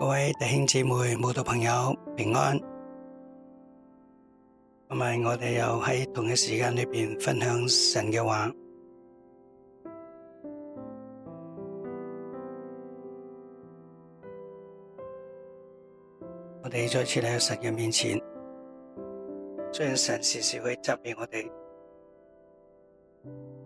各位弟兄姊妹、慕道朋友平安，同埋我哋又喺同一時間裏邊分享神嘅話，我哋再次嚟喺神嘅面前，雖然神時時會責備我哋，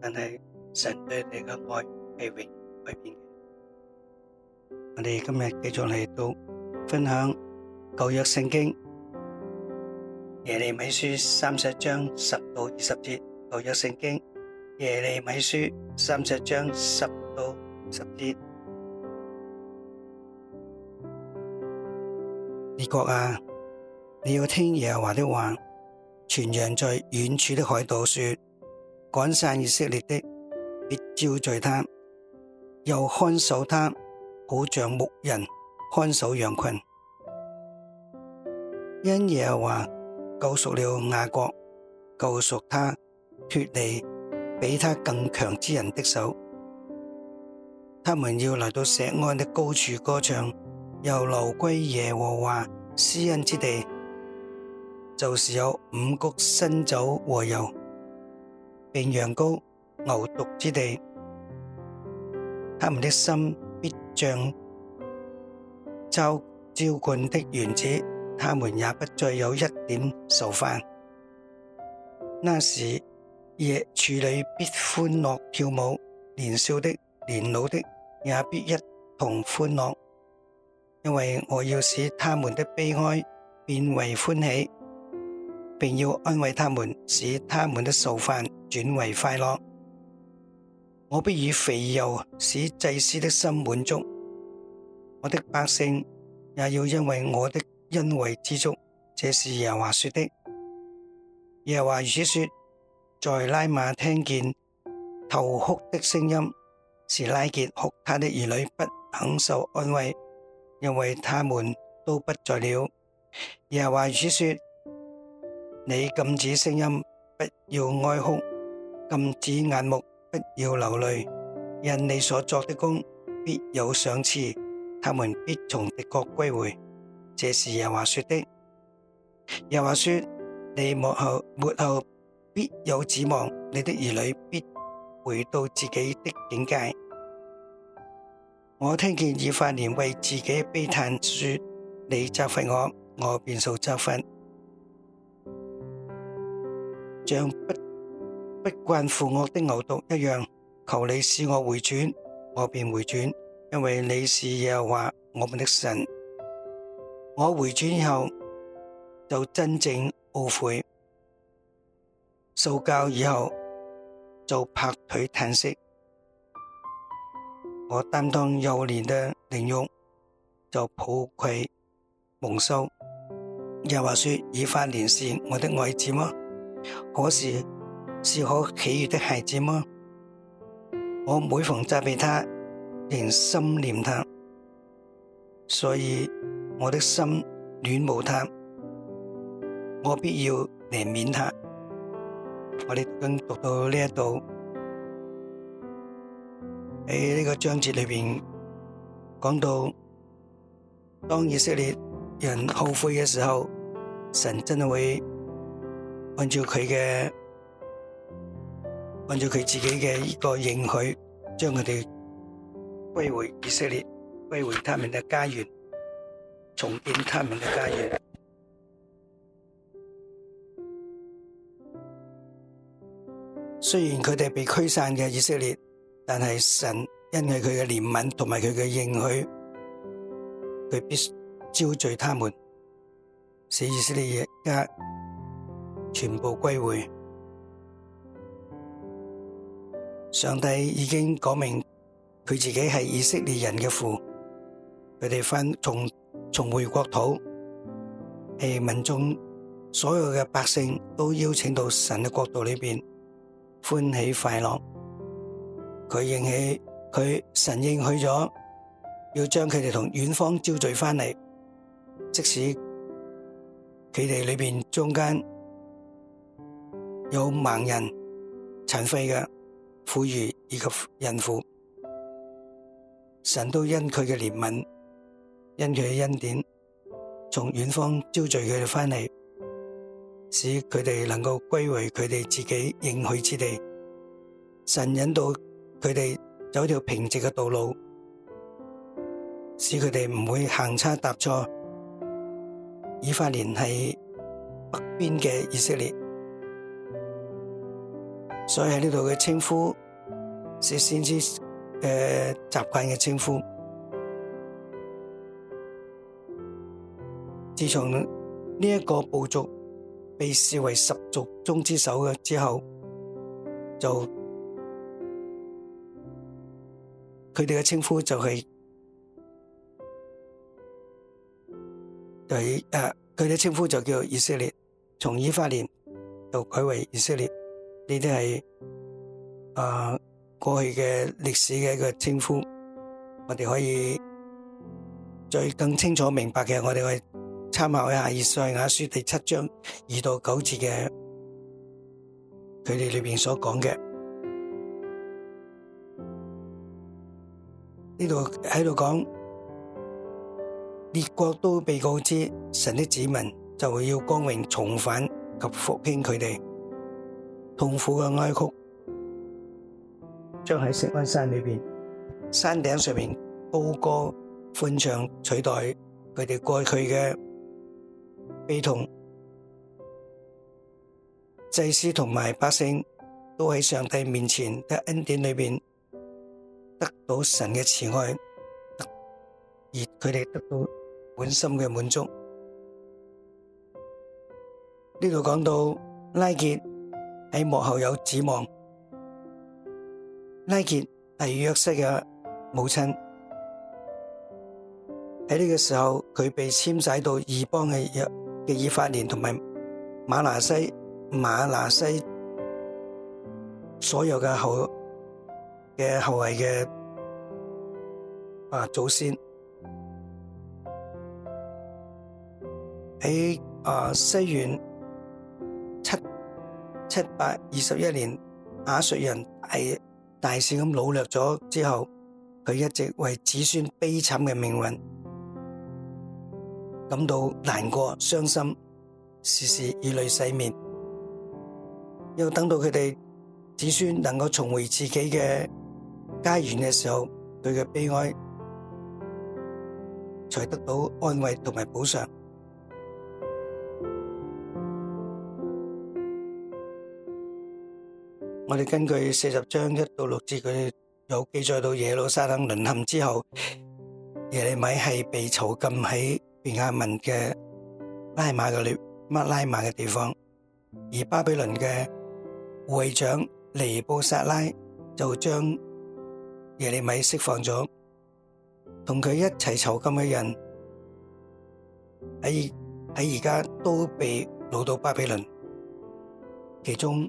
但係神對你嘅愛係永遠不變。我哋今日繼續嚟到分享舊約聖經耶利米書三十章十到二十節。舊約聖經耶利米書三十章十到二十節，列國啊，你要聽耶和華的話，傳揚在遠處的海島說，趕散以色列的，必招聚他，又看守他。好像牧人看守羊群，因耶和華救贖了雅各，救贖他脫離比他更強之人的手。他們要來到錫安的高處歌唱，又流歸耶和華施恩之地，就是有五穀新酒和油，並羊羔、牛犢之地。他們的心。必像就澆灌的園子，他們也不再有一點愁煩。那時夜處女必歡樂跳舞，年少的、年老的也必一同歡樂，因為我要使他們的悲哀變為歡喜，並要安慰他們，使他們的愁煩轉為快樂。我必以肥油使祭司的心滿足，我的百姓也要因為我的恩惠知足。這是耶和華說的。耶和華如此說，在拉瑪聽見頭哭的聲音，是拉結哭他的兒女不肯受安慰，因為他們都不在了。耶和華如此說，你禁止聲音，不要哀哭，禁止眼目。不要流淚，因你所作的功必有賞賜，他們必從敵國歸回。這是有話說的。有話說，你幕後幕後必有指望，你的兒女必回到自己的境界。我聽見以法蓮為自己悲嘆，說：你責罰我，我便受責罰。像不，不慣負軛的牛犢一樣，求你使我回轉，我便回轉，因為你是耶和華我們的神。我回轉以後就真正懊悔，受教以後就拍腿嘆息，我擔當幼年的凌辱，就抱愧蒙羞，耶和華說以法蓮是我的愛子麼？可是。是可喜悅的孩子嗎？我每逢責備他，仍心念他，所以我的心戀慕他，我必要憐憫他。我哋更讀到呢一度喺呢個章節裏面講到，當以色列人後悔嘅時候，神真的會按照佢嘅。按照佢自己嘅呢個應許，將佢哋歸回以色列，歸回他們嘅家園，重建他們嘅家園。雖然佢哋被驅散嘅以色列，但係神因為佢嘅憐憫同埋佢嘅應許，佢必須招聚他們，使以色列家全部歸回。上帝已經講明佢自己係以色列人嘅父，佢哋翻重重回國土，係民眾所有嘅百姓都邀請到神嘅國度裏邊歡喜快樂。佢應許佢神應許咗，要將佢哋同遠方招聚翻嚟，即使佢哋裏邊中間有盲人殘廢嘅。婦孺以及孕婦，神都因佢嘅憐憫，因佢嘅恩典，從遠方招聚佢哋翻嚟，使佢哋能夠歸回佢哋自己應許之地。神引導佢哋走條平直嘅道路，使佢哋唔會行差踏錯，以法聯繫北邊嘅以色列。所以喺呢度嘅稱呼是先知誒、呃、習慣嘅稱呼。自從呢一個部族被視為十族中之首嘅之後，就佢哋嘅稱呼就係誒誒，佢哋嘅稱呼就叫以色列，從以法蓮就改為以色列。呢啲係過去嘅歷史嘅一個稱呼，我哋可以最更清楚明白嘅，我哋去參考一下以賽亞書第七章二到九節嘅佢哋裏面所講嘅，呢度喺度講列國都被告知，神的子民就會要光榮重返及復興佢哋。痛苦嘅哀哭將喺錫安山裏面，山頂上面高歌歡唱，取代佢哋過去嘅悲痛。祭司同埋百姓都喺上帝面前嘅恩典裏面得到神嘅慈愛，而佢哋得到滿心嘅滿足。呢度講到拉結。在幕後有指望，拉傑係約瑟的母親。在這個時候，他被遷徙到異邦的嘅以法蓮和馬拿西、馬拿西所有的後嘅後裔嘅、啊、祖先在、啊、西元。七百二十一年，亞述人係大肆咁擄掠咗之後，佢一直為子孫悲慘嘅命運感到難過、傷心，時時以淚洗面。要等到佢哋子孫能夠重回自己嘅家園嘅時候，佢嘅悲哀才得到安慰同埋補償。我哋根據四十章一到六節，佢哋有記載到耶路撒冷淪陷之後，耶利米係被囚禁喺便雅明嘅拉馬嘅裏麥拉馬嘅地方，而巴比倫嘅護衛長尼布撒拉就將耶利米釋放咗，同佢一齊囚禁嘅人喺喺而家都被擄到巴比倫，其中。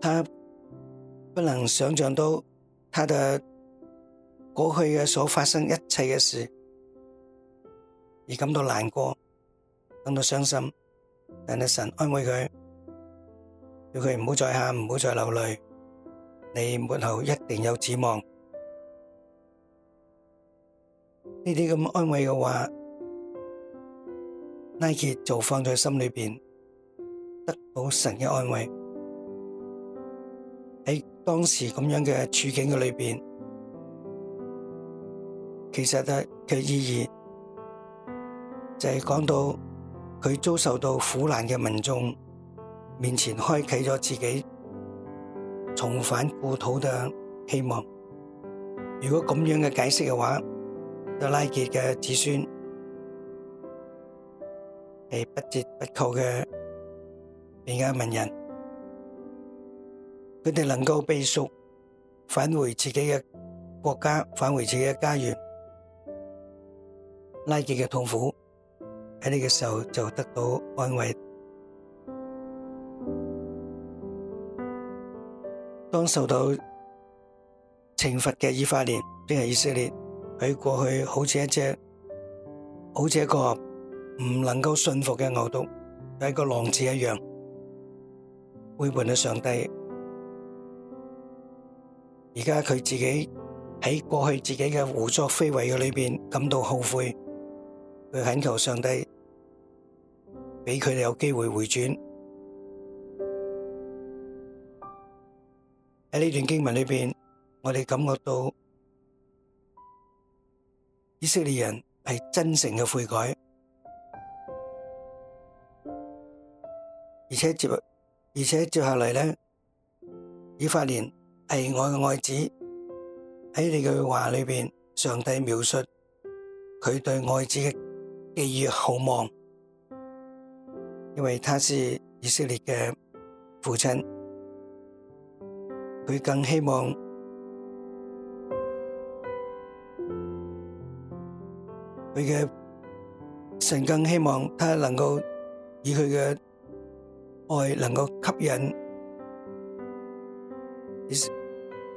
他不能想象到他的過去嘅所發生一切嘅事，而感到難過、感到傷心。但係神安慰佢，叫佢唔好再喊，唔好再流淚。你末後一定有指望。呢啲咁安慰嘅話，Nike 就放在心裏邊，得到神嘅安慰。喺當時咁樣嘅處境裏邊，其實嘅嘅意義就係講到佢遭受到苦難嘅民眾面前開啟咗自己重返故土嘅希望。如果咁樣嘅解釋嘅話，德拉杰嘅子孫係不折不扣嘅變家文人。佢哋能夠避屬，返回自己嘅國家，返回自己嘅家園，拉結嘅痛苦喺呢個時候就得到安慰。當受到懲罰嘅以法蓮，即係以色列，佢過去好似一隻，好似一個唔能夠馴服嘅牛犢，係個狼子一樣背叛咗上帝。而家佢自己喺過去自己嘅胡作非為嘅裏邊感到後悔，佢懇求上帝畀佢哋有機會回轉。喺呢段經文裏邊，我哋感覺到以色列人係真誠嘅悔改，而且接而且接下嚟呢，以法蓮。係我嘅愛子喺你嘅話裏邊，上帝描述佢對愛子嘅寄予厚望，因為他是以色列嘅父親，佢更希望佢嘅神更希望他能夠以佢嘅愛能夠吸引。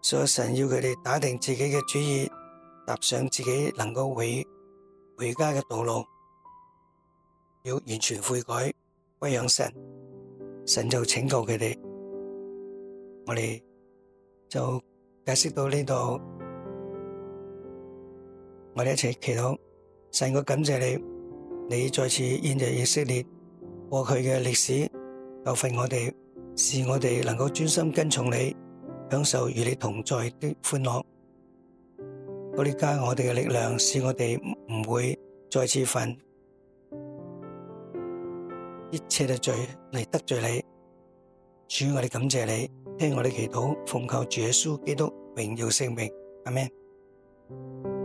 所以神要佢哋打定自己嘅主意，踏上自己能夠回回家嘅道路，要完全悔改歸向神，神就拯救佢哋。我哋就解釋到呢度，我哋一齊祈禱。神，我感謝你，你再次應着以色列過去嘅歷史，教訓我哋，使我哋能夠專心跟從你，享受與你同在的歡樂，哈利加我哋嘅力量，使我哋唔會再次犯一切嘅罪嚟得罪你。主，我哋感謝你，聽我哋祈禱，奉靠主耶穌基督榮耀聖名，阿門。